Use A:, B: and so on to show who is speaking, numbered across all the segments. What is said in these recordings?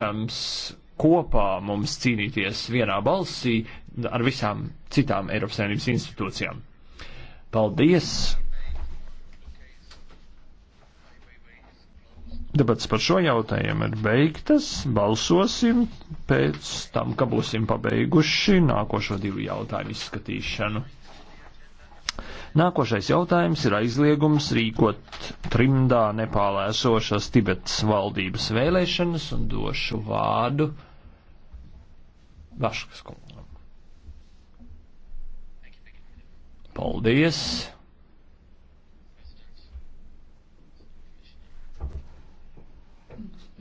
A: protams, kopā mums cīnīties vienā balsī ar visām citām Eiropas Savienības institūcijām. Paldies! Debats par šo jautājumu ir beigtas. Balsosim pēc tam, ka būsim pabeiguši nākošo divu jautājumu izskatīšanu. Nākošais jautājums ir aizliegums rīkot trimdā Nepālē esošas Tibetas valdības vēlēšanas un došu vārdu Vaškas kungam. Paldies!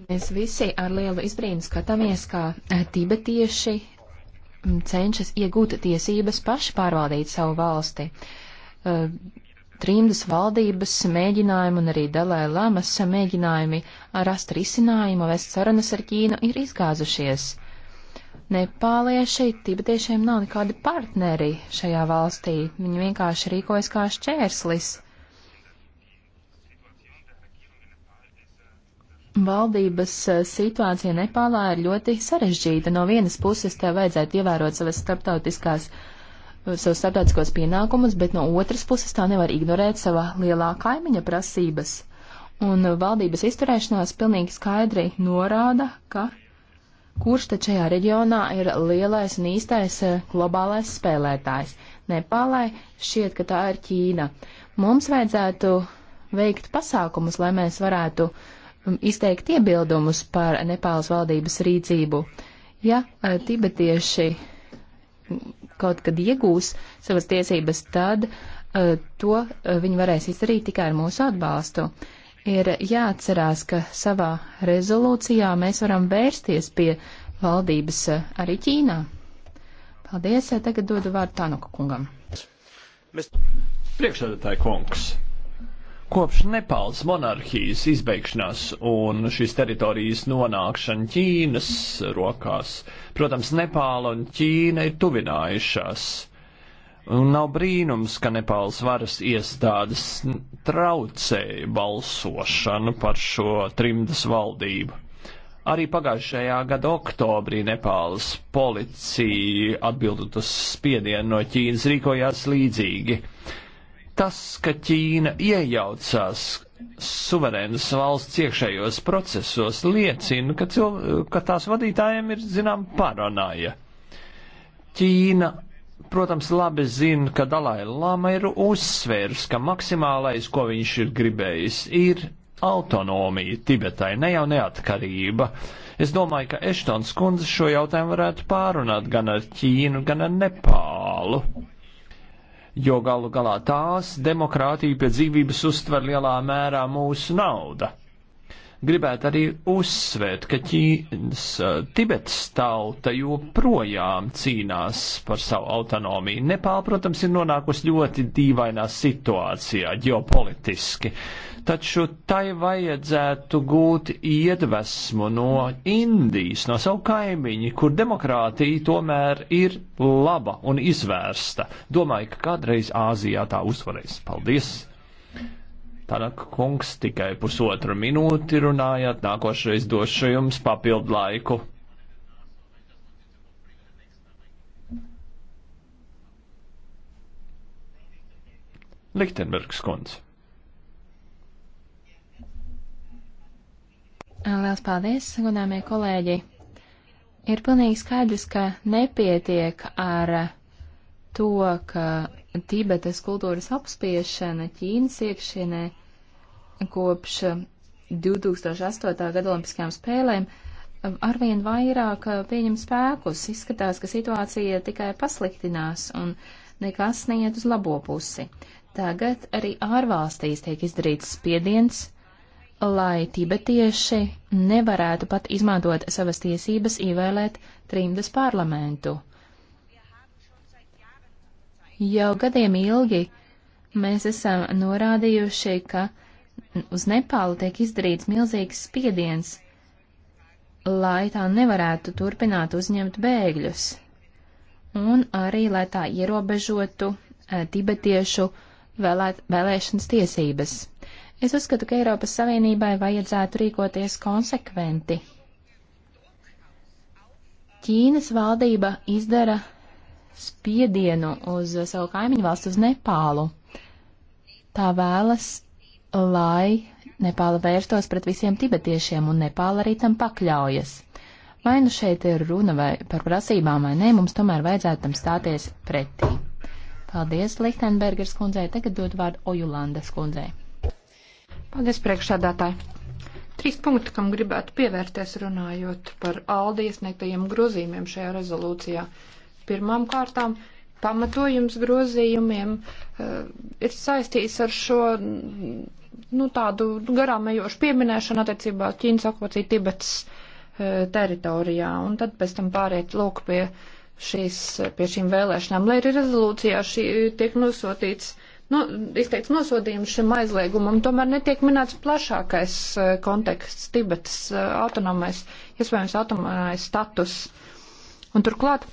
B: Mēs visi ar lielu izbrīnu skatāmies, kā eh, tibetieši mm, cenšas iegūt tiesības paši pārvaldīt savu valsti. Uh, uh, trimdas valdības mēģinājumi un arī Dalai Lamas mēģinājumi rast risinājumu vest sarunas ar Ķīnu ir izgāzušies. Nepālieši tibetiešiem nav nekādi partneri šajā valstī, viņi vienkārši rīkojas kā šķērslis. Valdības eh, situācija Nepālā ir ļoti sarežģīta. No vienas puses tev vajadzētu ievērot savas starptautiskās uh, savus starptautiskos pienākumus, bet no otras puses tā nevar ignorēt sava lielā kaimiņa prasības. Un valdības izturēšanās pilnīgi skaidri norāda, ka kurš te šajā reģionā ir lielais un īstais eh, globālais spēlētājs. Nepālai šķiet, ka tā ir Ķīna. Mums vajadzētu veikt pasākumus, lai mēs varētu mm, izteikt iebildumus par Nepālas valdības rīcību. Ja eh, tibetieši kaut kad iegūs savas tiesības, tad uh, to uh, viņi varēs izdarīt tikai ar mūsu atbalstu. Ir jāatcerās, ka savā rezolūcijā mēs varam vērsties pie valdības uh, arī Ķīnā. Paldies, tagad dodu vārdu Tānuka kungam.
A: Priekšsēdētāji kungs. Kopš Nepāls monarhijas izbeigšanās un šīs teritorijas nonākšana Ķīnas rokās, protams, Nepāla un Ķīna ir tuvinājušās. Un nav brīnums, ka Nepāls varas iestādes traucēja balsošanu par šo trimdas valdību. Arī pagājušajā gada oktobrī Nepāls policija atbildot uz spiedienu no Ķīnas rīkojās līdzīgi. Tas, ka Ķīna iejaucās suverēnas valsts iekšējos procesos, liecina, ka, cilv... ka tās vadītājiem ir zinām paranoja. Ķīna protams, labi zina, ka Dalai Lama ir uzsvērs, ka maksimālais, ko viņš ir gribējis, ir autonomija Tibetai, ne jau neatkarība. Es domāju, ka Eštons kundze šo jautājumu varētu pārunāt gan ar Ķīnu, gan ar Nepālu jo galu galā tās demokrātiju pēc dzīvības uztver lielā mērā mūsu nauda gribētu arī uzsvērt, ka Ķīnas Tibetas tauta joprojām cīnās par savu autonomiju. Nepāl, protams, ir nonākusi ļoti dīvainā situācijā ģeopolitiski, taču tai vajadzētu gūt iedvesmu no Indijas, no savu kaimiņu, kur demokrātija tomēr ir laba un izvērsta. Domāju, ka kādreiz Āzijā tā uzvarēs. Paldies! Tanaka kungs tikai pusotru minūti runājāt, nākošais došu jums papildu laiku. Lichtenbergs kundze.
B: Lielas paldies, godāmie kolēģi! Ir pilnīgi skaidrs, ka nepietiek ar to, ka Tibetes kultūras apspiešana Ķīnas iekšienē kopš 2008. gada olimpiskajām spēlēm um, arvien vairāk uh, pieņem spēkus. Izskatās, ka situācija tikai pasliktinās un nekas neiet uz labo pusi. Tagad arī ārvalstīs tiek izdarīts spiediens, lai tibetieši nevarētu pat izmantot savas tiesības ievēlēt trimdas parlamentu. Jau gadiem ilgi mēs esam norādījuši, ka uz Nepālu tiek izdarīts milzīgs spiediens, lai tā nevarētu turpināt uzņemt bēgļus, un arī lai tā ierobežotu eh, tibetiešu vēlēt, vēlēšanas tiesības. Es uzskatu, ka Eiropas Savienībai vajadzētu rīkoties konsekventi. Ķīnas valdība izdara spiedienu uz savu kaimiņu valstu, uz Nepālu. Tā vēlas, lai Nepāla vērstos pret visiem tibetiešiem, un Nepāla arī tam pakļaujas. Vai nu šeit ir runa vai par prasībām vai nē, mums tomēr vajadzētu tam stāties pretī. Paldies Lichtenbergers kundzei, tagad dod vārdu Ojulandes kundzei.
C: Paldies priekšādātāji. Trīs punkti, kam gribētu pievērties runājot par Aldi iesniegtajiem grozījumiem šajā rezolūcijā. Uh, Pirmām kārtām pamatojums grozījumiem eh, ir saistīts ar šo nu, tādu garām ejošu pieminēšanu attiecībā Ķīnas okupāciju Tibetas eh, teritorijā. Un tad pēc tam pāriet lūk pie, šīs, pie šīm vēlēšanām. Lai arī rezolūcijā šī tiek nosūtīts, nu, izteikts nosodījums šim aizliegumam, tomēr netiek minēts plašākais eh, konteksts Tibetas autonomais, iespējams, autonomais status. Un turklāt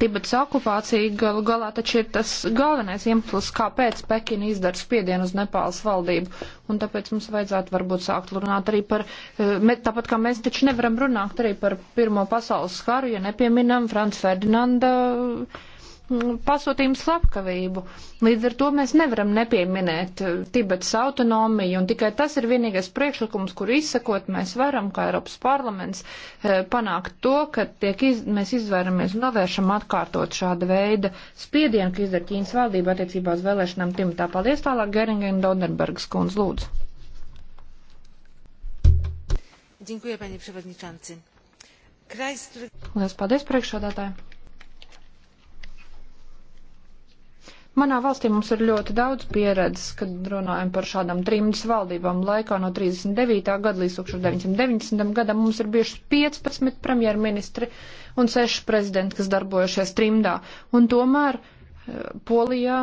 C: Tibetas okupācija galu galā taču ir tas galvenais iemesls, kāpēc Pekina izdara spiedienu uz Nepāles valdību. Un tāpēc mums vajadzētu varbūt sākt runāt arī par, eh, tāpat kā mēs taču nevaram runāt arī par Pirmo pasaules karu, ja nepieminam Franz Ferdinanda Mm, pasūtījumu slepkavību. Līdz ar to mēs nevaram nepieminēt eh, Tibetas autonomiju, un tikai tas ir vienīgais priekšlikums, kur izsakot mēs varam, kā Eiropas parlaments, eh, panākt to, ka iz, mēs izvairamies un novēršam atkārtot šāda veida spiedienu, ka izdara Ķīnas valdība attiecībā uz vēlēšanām Timetā. Paldies tālāk, Geringa un Donnerbergas kundz, lūdzu. Dziękuję, panie przewodniczący. Kraj, z którego... Paldies, priekšsādātāji. Manā valstī mums ir ļoti daudz pieredzes, kad runājam par šādām trimdas valdībām. Laikā no 39. gada līdz 1990. gadam mums ir bijuši 15 premjerministri un 6 prezidenti, kas darbojušies trimdā. Un tomēr eh, Polijā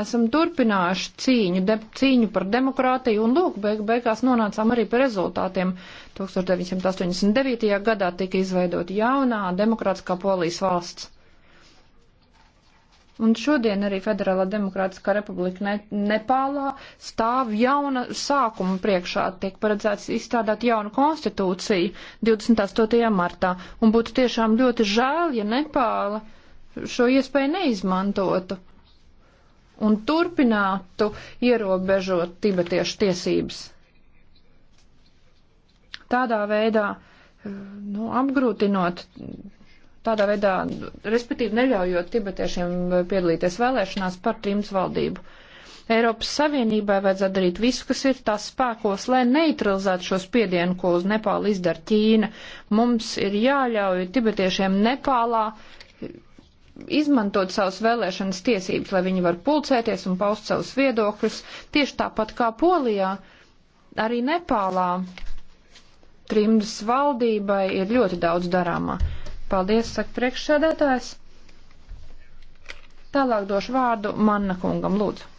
C: esam turpinājuši cīņu, de, cīņu par demokrātiju, un lūk, beig, beigās nonācām arī pie rezultātiem. 1989. gadā tika izveidota jaunā demokrātiskā polijas valsts. Un šodien arī Federālā Demokrātiskā republika ne, Nepālā stāv jauna sākuma priekšā. Tiek paredzēts izstrādāt jaunu konstitūciju 28. martā. Un būtu tiešām ļoti žēl, ja Nepāla šo iespēju neizmantotu un turpinātu ierobežot tibetiešu tiesības. Tādā veidā eh, nu, apgrūtinot tādā veidā, respektīvi neļaujot tibetiešiem piedalīties vēlēšanās par trims valdību. Eiropas Savienībai vajadzētu darīt visu, kas ir tās spēkos, lai neutralizētu šo spiedienu, ko uz Nepālu izdara Ķīna. Mums ir jāļauj tibetiešiem Nepālā izmantot savas vēlēšanas tiesības, lai viņi var pulcēties un paust savus viedokļus, tieši tāpat kā Polijā, arī Nepālā. Trimdas valdībai ir ļoti daudz darāmā. Paldies, saka priekšsēdētājs. Tālāk došu vārdu Manna kungam, lūdzu.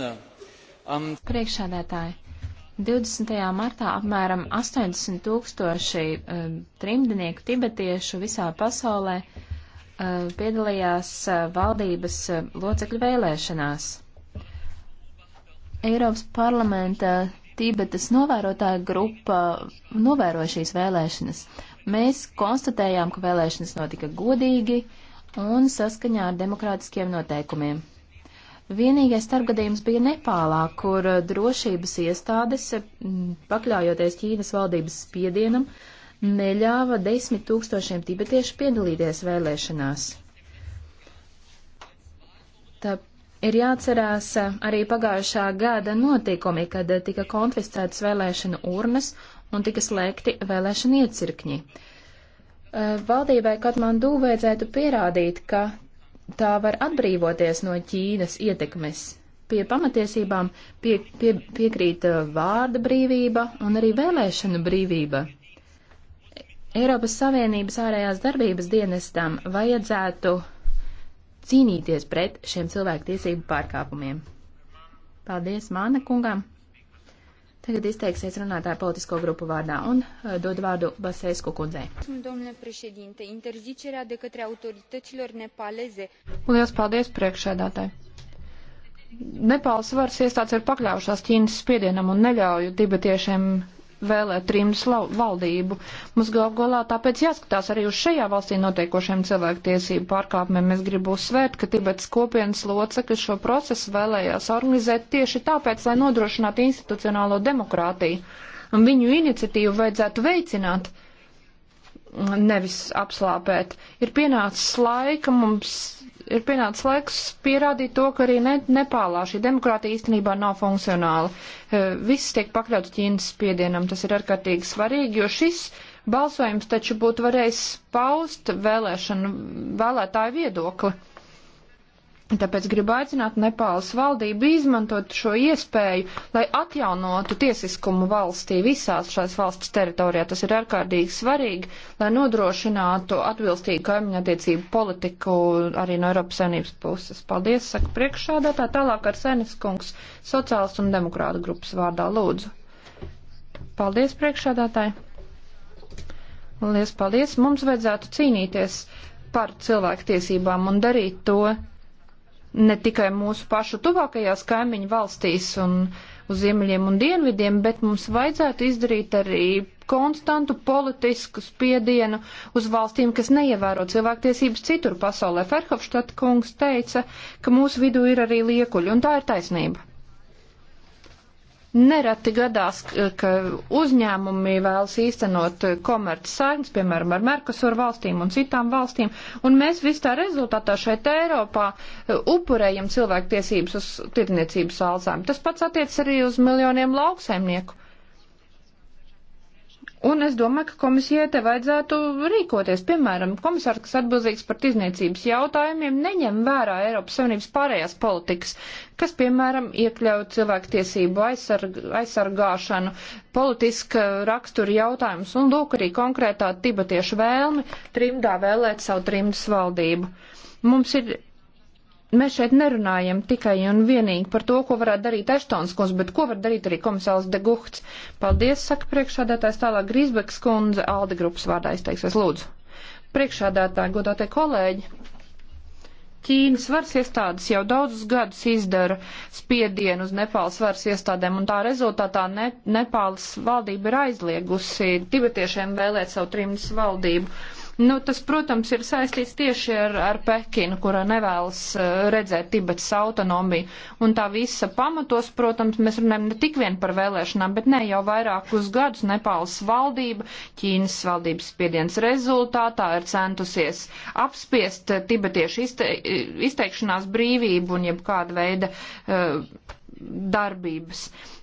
B: No. Um... Priekšsēdētāji, 20. martā apmēram 80 tūkstoši uh, trimdinieku tibetiešu visā pasaulē uh, piedalījās uh, valdības uh, locekļu vēlēšanās. Eiropas parlamenta Tibetas novērotāja grupa novēro šīs vēlēšanas. Mēs konstatējām, ka vēlēšanas notika godīgi un saskaņā ar demokrātiskiem noteikumiem. Vienīgais starpgadījums bija Nepālā, kur drošības iestādes, pakļaujoties Ķīnas valdības spiedienam, neļāva desmit tūkstošiem tibetiešu piedalīties vēlēšanās. Tā ir jāatcerās arī pagājušā gada notikumi, kad tika konfiscētas vēlēšana urnas un tika slēgti vēlēšana iecirkņi. Eh, valdībai Katmandū vajadzētu pierādīt, ka tā var atbrīvoties no Ķīnas ietekmes. Pie pamatiesībām pie, pie, piekrīt eh, vārda brīvība un arī vēlēšanu brīvība. Eiropas Savienības ārējās darbības dienestam vajadzētu cīnīties pret šiem cilvēku tiesību pārkāpumiem. Paldies Māna kungam! Tagad izteiksies runātāja politisko grupu vārdā un uh, dod
C: vārdu Basēsku kundzei. Lielas paldies priekšēdātāji. Nepāls varas iestādes ir pakļaujušās Ķīnas spiedienam un neļauju tibetiešiem vēlēt Rīmas valdību. Mums galvgolā tāpēc jāskatās arī uz šajā valstī notiekošiem cilvēktiesību pārkāpumiem. Es gribu uzsvērt, ka Tibets kopienas locekļi šo procesu vēlējās organizēt tieši tāpēc, lai nodrošinātu institucionālo demokrātiju. Un viņu iniciatīvu vajadzētu veicināt nevis apslāpēt. Ir pienācis laika mums ir pienācis laiks pierādīt to, ka arī ne, Nepālā šī demokrātija īstenībā nav funkcionāla. Eh, viss tiek pakļauts Ķīnas spiedienam, tas ir ārkārtīgi svarīgi, jo šis balsojums taču būtu varējis paust vēlēšanu vēlētāju viedokli. Tāpēc gribu aicināt Nepāles valdību izmantot šo iespēju, lai atjaunotu tiesiskumu valstī visās šās valsts teritorijā. Tas ir ārkārtīgi svarīgi, lai nodrošinātu atbilstīgu kaimiņu attiecību politiku arī no Eiropas Savienības puses. Paldies, saka priekšādātā. Tālāk ar Seniskungs sociāls un demokrāta grupas vārdā lūdzu. Paldies, priekšādātāji. Lies paldies. Mums vajadzētu cīnīties par cilvēku tiesībām un darīt to ne tikai mūsu pašu tuvākajās kaimiņu valstīs un uz ziemeļiem un dienvidiem, bet mums vajadzētu izdarīt arī konstantu politisku spiedienu uz valstīm, kas neievēro cilvēktiesības citur pasaulē. Ferhofštata kungs teica, ka mūsu vidū ir arī liekuļi, un tā ir taisnība. Nereti gadās, ka uzņēmumi vēlas īstenot komerci saiknes, piemēram, ar Merkusur valstīm un citām valstīm, un mēs vis tā rezultātā šeit Eiropā e, upurējam cilvēktiesības uz tirdzniecības alzām. Tas pats attiec arī uz miljoniem lauksaimnieku. Un es domāju, ka komisijai te vajadzētu rīkoties. Piemēram, komisārs, kas atbildīgs par tirzniecības jautājumiem, neņem vērā Eiropas Savienības pārējās politikas, kas, piemēram, iekļauj cilvēktiesību aizsarg aizsargāšanu, politiska rakstura jautājumus un lūk arī konkrētā tibatiešu vēlmi trimdā vēlēt savu trimdas valdību. Mums ir Mēs šeit nerunājam tikai un vienīgi par to, ko varētu darīt Eštons kundze, bet ko var darīt arī komisāls de Guhts. Paldies, saka priekšādātājs tālāk Grīsbeks kundze, Alde grupas vārdā izteiksies, lūdzu. Priekšādātāji, godātie kolēģi, Ķīnas varas iestādes jau daudzus gadus izdara spiedienu uz Nepāles varas iestādēm, un tā rezultātā ne, Nepāles valdība ir aizliegusi tibetiešiem vēlēt savu trimdus valdību. Nu, tas, protams, ir saistīts tieši ar, ar Pekinu, kura nevēlas eh, redzēt Tibetas autonomiju. Un tā visa pamatos, protams, mēs runājam ne tik vien par vēlēšanām, bet ne jau vairākus gadus Nepāles valdība, Ķīnas valdības spiediens rezultātā ir centusies apspiest tibetiešu izte, izteikšanās brīvību un jebkāda veida. Uh, darbības.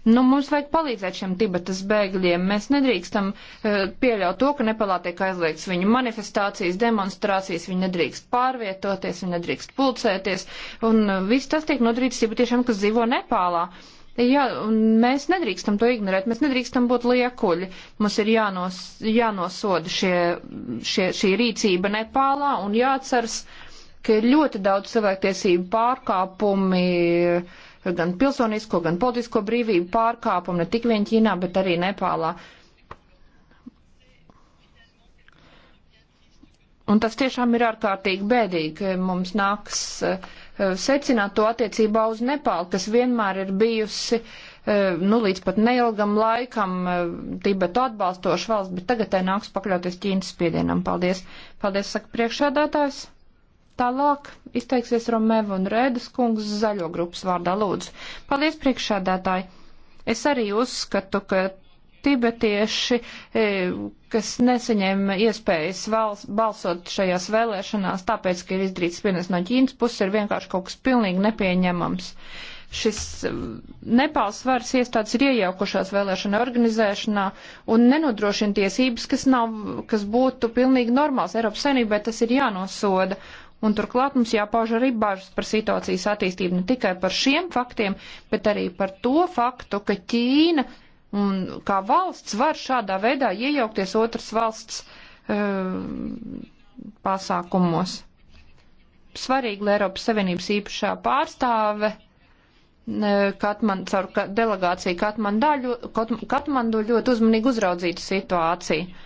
C: Nu, mums vajag palīdzēt šiem Tibetas bēgļiem. Mēs nedrīkstam uh, pieļaut to, ka Nepalā tiek aizliegts viņu manifestācijas, demonstrācijas, viņi nedrīkst pārvietoties, viņi nedrīkst pulcēties, un uh, viss tas tiek nodarīts tibetiešiem, kas dzīvo Nepālā. Jā, un mēs nedrīkstam to ignorēt, mēs nedrīkstam būt liekuļi. Mums ir jānos, jānosoda šie, šie, šī rīcība Nepālā un jāatceras, ka ir ļoti daudz cilvēktiesību pārkāpumi. Uh, gan pilsonisko, gan politisko brīvību pārkāpumu ne tik vien Ķīnā, bet arī Nepālā. Un tas tiešām ir ārkārtīgi bēdīgi, ka mums nāks eh, secināt to attiecībā uz Nepālu, kas vienmēr ir bijusi, eh, nu, līdz pat neilgam laikam eh, Tibetu atbalstoša valsts, bet tagad tai nāks pakļauties Ķīnas spiedienam. Paldies. Paldies, saka priekšādātājs. Tālāk izteiksies Romeva un Rēdas kungs zaļo grupas vārdā lūdzu. Paldies priekšādātāji. Es arī uzskatu, ka tibetieši, e, kas nesaņēma iespējas vals, balsot šajās vēlēšanās, tāpēc, ka ir izdarīts spiediens no Ķīnas puses, ir vienkārši kaut kas pilnīgi nepieņemams. Šis e, Nepāls varas iestādes ir iejaukušās vēlēšana organizēšanā un nenodrošina tiesības, kas, nav, kas būtu pilnīgi normāls. Eiropas senībai tas ir jānosoda. Uh, Un turklāt mums jāpauž arī bažas par situācijas attīstību ne tikai par šiem faktiem, bet arī par to faktu, ka Ķīna un, kā valsts var šādā veidā iejaukties otras valsts uh, pasākumos. Svarīgi, lai Eiropas Savienības īpašā pārstāve eh, Katman, caur delegāciju Katmandu ļoti uzmanīgi uzraudzītu situāciju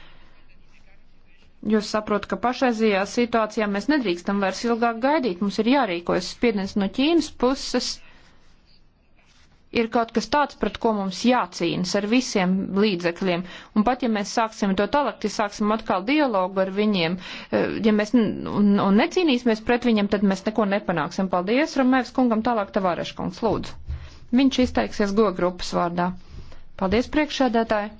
C: jo saprotu, ka pašreizajā situācijā mēs nedrīkstam vairs ilgāk gaidīt, mums ir jārīkojas spiediens no Ķīnas puses. Ir kaut kas tāds, pret ko mums jācīnas ar visiem līdzekļiem. Un pat ja mēs sāksim to tālāk, ja sāksim atkal dialogu ar viņiem, eh, ja mēs un, un necīnīsimies pret viņiem, tad mēs neko nepanāksim. Paldies, Romēvs kungam, tālāk Tavāreškungs, lūdzu. Viņš izteiksies go grupas vārdā. Paldies, priekšsēdētāji!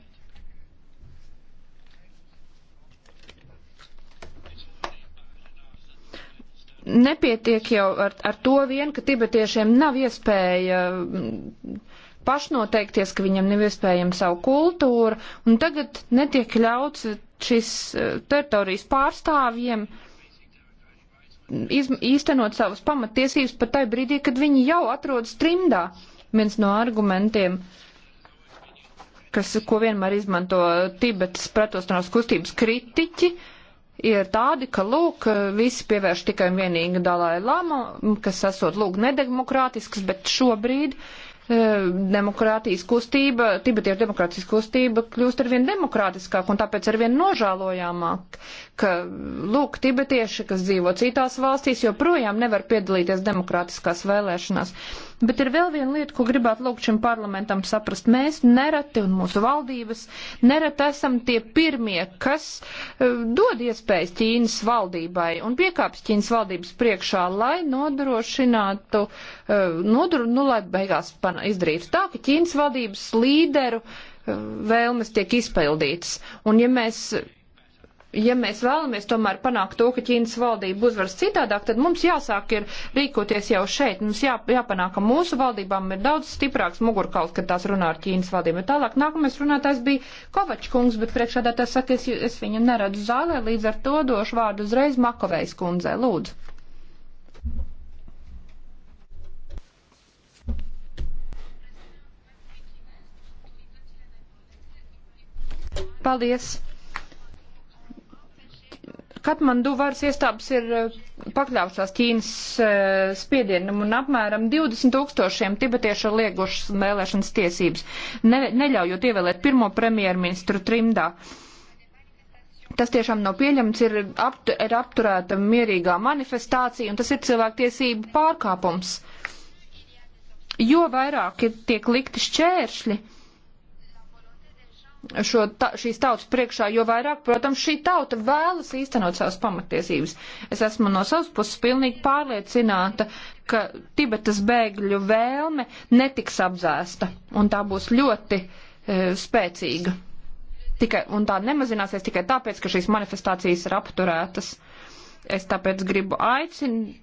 C: nepietiek jau ar, ar to vien, ka tibetiešiem nav iespēja mm, pašnoteikties, ka viņam nav iespējama savu kultūru, un tagad netiek ļauts šis eh, teritorijas pārstāvjiem iz, īstenot savas pamatiesības pat tai brīdī, kad viņi jau atrodas trimdā. Viens no argumentiem, kas, ko vienmēr izmanto Tibetas pretostinās kustības kritiķi, uh, ir tādi, ka, lūk, visi pievērš tikai un vienīgi Dalai Lama, kas esot, lūk, nedemokrātisks, bet šobrīd e, demokrātijas kustība, tibetiešu demokrātijas kustība kļūst arvien demokrātiskāk un tāpēc arvien nožēlojāmāk, ka, lūk, tibetieši, kas dzīvo citās valstīs, joprojām nevar piedalīties demokrātiskās vēlēšanās. Bet ir vēl viena lieta, ko gribētu lūgt šim parlamentam saprast. Mēs nereti un mūsu valdības nereti esam tie pirmie, kas eh, dod iespējas Ķīnas valdībai un piekāpjas Ķīnas valdības priekšā, lai nodrošinātu, eh, nodru, nu, lai beigās izdarītu tā, ka Ķīnas valdības līderu eh, vēlmes tiek izpildītas. Un ja mēs ja mēs vēlamies tomēr panākt to, ka Ķīnas valdība uzvaras citādāk, tad mums jāsāk ir rīkoties jau šeit. Mums jā, jāpanāk, ka mūsu valdībām ir daudz stiprāks mugurkauls, kad tās runā ar Ķīnas valdību. Bet tālāk nākamais runātājs bija Kovačs kungs, bet priekšādā tas saka, es, es viņu neredzu zālē, līdz ar to došu vārdu uzreiz Makovejs kundzei. Lūdzu. Paldies! Katmandu varas iestādes ir eh, pakļaušās Ķīnas eh, spiedienam un apmēram 20 tūkstošiem tibetiešu ir liegušas vēlēšanas tiesības, ne, neļaujot ievēlēt pirmo premjerministru trimdā. Tas tiešām nav pieņemts, ir, aptu, ir apturēta mierīgā manifestācija, un tas ir cilvēktiesību pārkāpums. Jo vairāk ir tiek likti šķēršļi, uh, šo, ta, šīs tautas priekšā, jo vairāk, protams, šī tauta vēlas īstenot savas pamatiesības. Es esmu no savas puses pilnīgi pārliecināta, ka Tibetas bēgļu vēlme netiks apzēsta, un tā būs ļoti e, spēcīga. Tikai, un tā nemazināsies tikai tāpēc, ka šīs manifestācijas ir apturētas. Es tāpēc gribu aicināt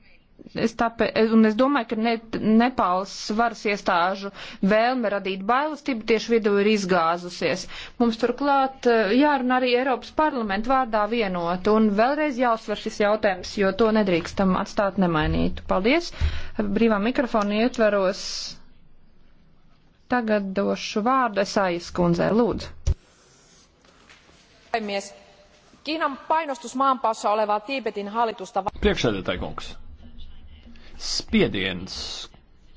C: Es, tāpēc, un es domāju, ka ne, Nepāls varas iestāžu vēlme radīt bailastību tieši vidū ir izgāzusies. Mums turklāt eh, jārunā arī Eiropas parlamentu vārdā vienot un vēlreiz jāuzsver šis jautājums, jo to nedrīkstam atstāt nemainītu. Paldies! Brīvā mikrofona ietveros. Tagad došu vārdu Esājas kundzē. Lūdzu. Kiinan painostus maanpaossa olevaa Tiibetin hallitusta.
A: Priekšsēdētāji kungs. Spiediens,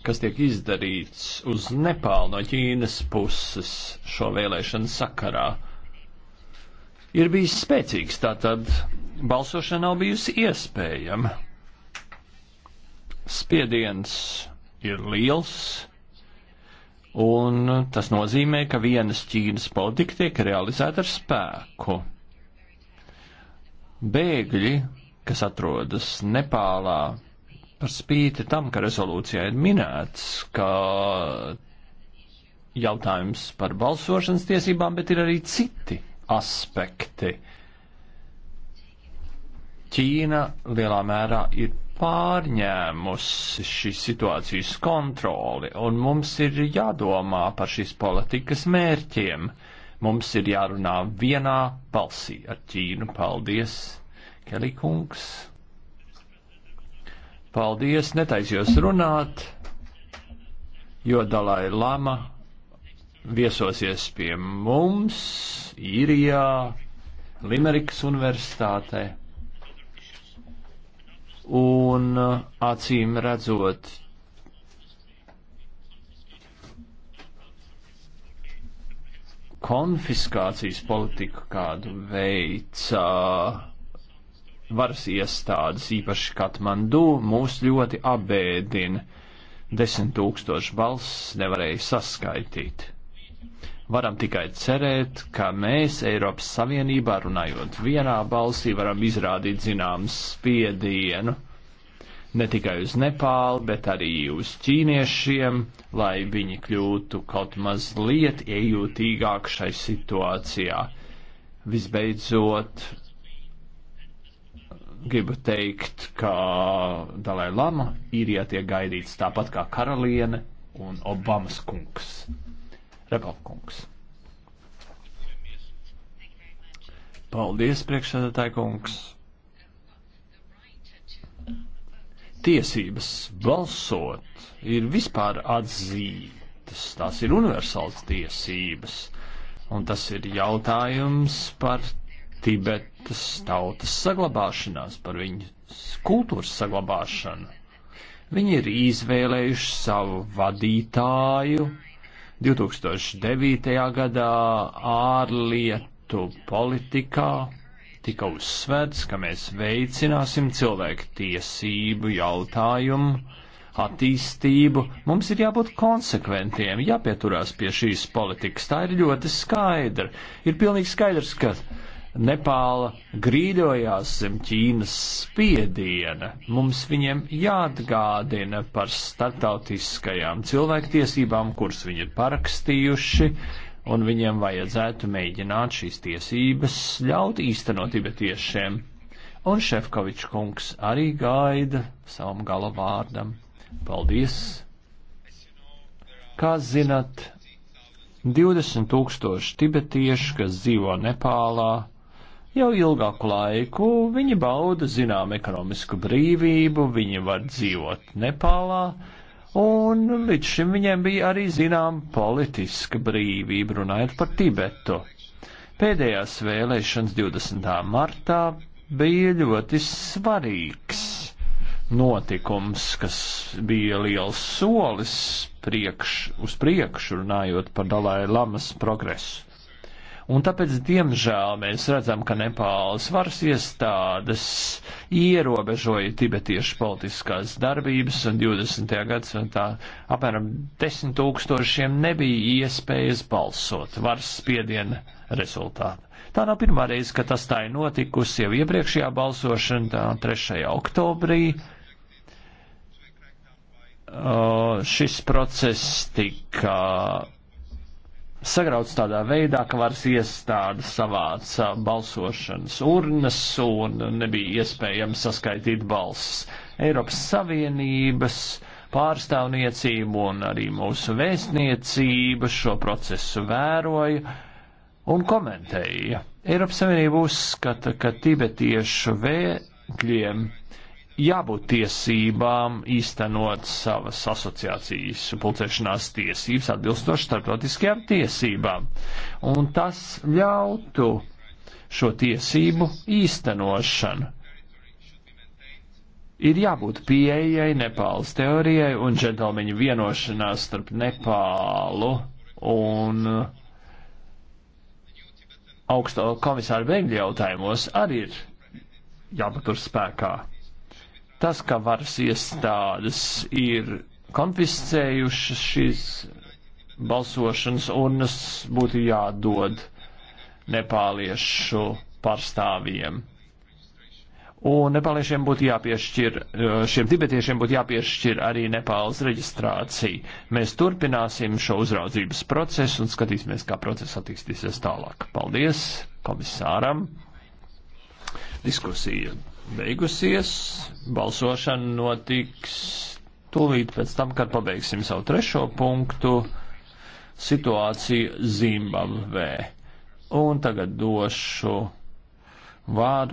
A: kas tiek izdarīts uz Nepālu no Ķīnas puses šo vēlēšanu sakarā, ir bijis spēcīgs, tātad balsošana nav bijusi iespējama. Spiediens ir liels, un tas nozīmē, ka vienas Ķīnas politika tiek realizēta ar spēku. Bēgļi, kas atrodas Nepālā, par spīti tam, ka rezolūcijā ir minēts, ka jautājums par balsošanas tiesībām, bet ir arī citi aspekti. Ķīna lielā mērā ir pārņēmusi šīs situācijas kontroli, un mums ir jādomā par šīs politikas mērķiem. Mums ir jārunā vienā balsī ar Ķīnu. Paldies, Kelikungs! Paldies, netaisījos runāt, jo Dalai Lama viesosies pie mums īrijā, Limerikas universitātē. Un uh, acīm redzot, konfiskācijas politiku kādu veica. Uh, varas iestādes, īpaši Katmandu, mūs ļoti apbēdina. Desmit tūkstoši balss nevarēja saskaitīt. Varam tikai cerēt, ka mēs Eiropas Savienībā runājot vienā balsī varam izrādīt zināmas spiedienu ne tikai uz Nepālu, bet arī uz ķīniešiem, lai viņi kļūtu kaut mazliet iejūtīgāk šai situācijā. Visbeidzot, gribu teikt, ka Dalai Lama īrijā tiek gaidīts tāpat kā karaliene un Obamas kungs. Rebelkungs. Paldies, priekšsēdētāji kungs. Tiesības balsot ir vispār atzītas, tās ir universāls tiesības, un tas ir jautājums par Tibetas tautas saglabāšanās, par viņu kultūras saglabāšanu. Viņi ir izvēlējuši savu vadītāju 2009. gadā ārlietu politikā, tika uzsvērts, ka mēs veicināsim cilvēku tiesību jautājumu, attīstību. Mums ir jābūt konsekventiem, jāpieturās pie šīs politikas. Tā ir ļoti skaidra. Ir pilnīgi skaidrs, ka Nepāla grīļojās zem Ķīnas spiediena. Mums viņiem jāatgādina par startautiskajām cilvēktiesībām, kuras viņi ir parakstījuši, un viņiem vajadzētu mēģināt šīs tiesības ļaut īstenot tibetiešiem. Un Šefkovičs kungs arī gaida savam gala vārdam. Paldies! Kā zinat, 20 tūkstoši tibetiešu, kas dzīvo Nepālā, Jau ilgāku laiku viņi bauda zinām ekonomisku brīvību, viņi var dzīvot Nepālā, un līdz šim viņiem bija arī zinām politiska brīvība, runājot par Tibetu. Pēdējās vēlēšanas 20. martā bija ļoti svarīgs notikums, kas bija liels solis priekš, uz priekšu runājot par Dalai Lamas progresu. Un tāpēc, diemžēl, mēs redzam, ka Nepāles varas iestādes ierobežoja tibetiešu politiskās darbības, un 20. gadsimtā apmēram 10 tūkstošiem nebija iespējas balsot varas spiediena rezultātā. Tā nav pirmā reize, ka tas tā ir notikusi jau iepriekšējā balsošanā, 3. oktobrī. Uh, šis process tika sagrauts tādā veidā, ka varas iestādes savāca balsošanas urnas un nebija iespējams saskaitīt balsis. Eiropas Savienības pārstāvniecību un arī mūsu vēstniecība šo procesu vēroja un komentēja. Eiropas Savienība uzskata, ka tibetiešu vētļiem jābūt tiesībām īstenot savas asociācijas pulcēšanās tiesības atbilstoši starptautiskajām tiesībām. Un tas ļautu šo tiesību īstenošanu. Ir jābūt pieejai Nepāles teorijai un džentelmeņu vienošanās starp Nepālu un augsto komisāru bēgļu jautājumos arī ir jāpatur spēkā. Tas, ka varas iestādes ir konfiscējušas šīs balsošanas urnas, būtu jādod nepāliešu pārstāvjiem. Un nepāliešiem būtu jāpiešķir, šiem tibetiešiem būtu jāpiešķir arī Nepāles reģistrācija. Mēs turpināsim šo uzraudzības procesu un skatīsimies, kā process attīstīsies tālāk. Paldies komisāram. Diskusija beigusies. Balsošana notiks tūlīt pēc tam, kad pabeigsim savu trešo punktu - situāciju Zimbabvē. Un tagad došu vārdu.